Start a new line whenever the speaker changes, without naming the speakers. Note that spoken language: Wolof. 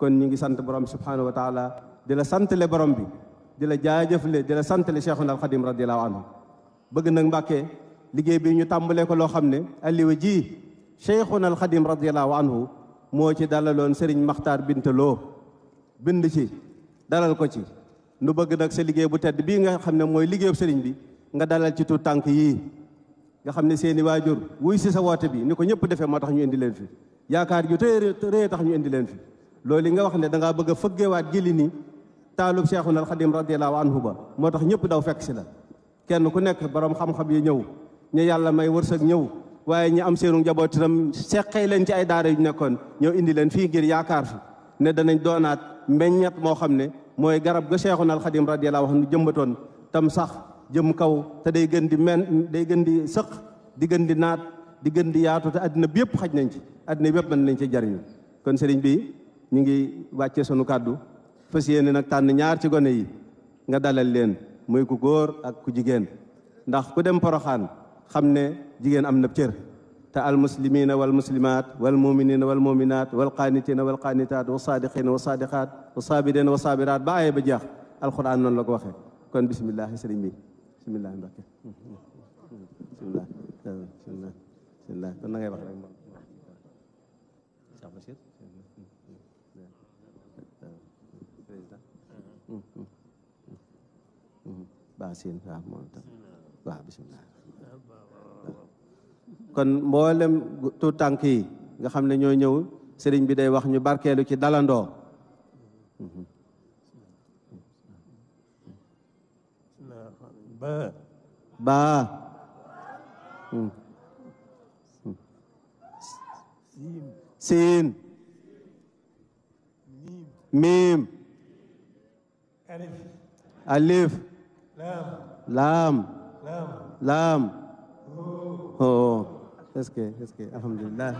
kon ñu ngi sant borom bi subhaanahu wa di la santale borom bi di la jaajëfle di la santale cheikhuna alxadim radiallahu anhu bëgg nag mbàkke liggéey bi ñu tàmbalee ko loo xam ne alliwa ji cheikhuna alxadim radiallahu anhu moo ci dalaloon sëriñ maxtaar binte bind ci dalal ko ci nu bëgg nag sa liggéey bu tedd bii nga xam ne mooy liggéeyu sëriñ bi nga dalal ci tu tànk yii nga xam ne seeni waajur wuy si sa woote bi ni ko ñëpp defee moo tax ñu indi leen fi yaakaar ju tëye tax ñu indi leen fi loolu yi nga wax ne da ngaa bëgg a fëggeewaat gili ni taalub Seexuna al Xadim radiyallahu anhu ba moo tax ñëpp daw fekk si la kenn ku nekk borom xam yi ñëw yàlla may wërsëg ñëw waaye ñi am seenu njaboot itam seqee leen ci ay daara yu nekkoon ñëw indi leen fii ngir yaakaar fi ne danañ doonaat mbeñet moo xam ne mooy garab ga Cheikhuna al Xadim radiyallahu anhu jëmbatoon tam sax jëm kaw te day gën di men day gën di sëq di gën di naat di gën di yaatu te àddina bi yëpp xaj nañ ci àddina bi yëpp mën nañ ci jariñu kon sëriñ bi ñu ngi wàcce sunu kàddu fës yéene nag tànn ñaar ci gone yi nga dalal leen muy ku góor ak ku jigéen ndax ku dem poroxaan xam ne jigéen am na cër te almuslimina walmuslimat walmuminina walmuminat walqanitina walqanitat wasaadiqina wasaadiqat wasaabirina wasaabirat ba aye ba jeex alquran noonu la ko kon bismillah sëriñ wax rek kon mboolem tu tànk yi nga xam ne ñoo ñëw sëriñ bi day wax ñu barkeelu ci dalandoo baa siin miim alif laam laam laam ও আজকে আজকে আলহামদুলিল্লাহ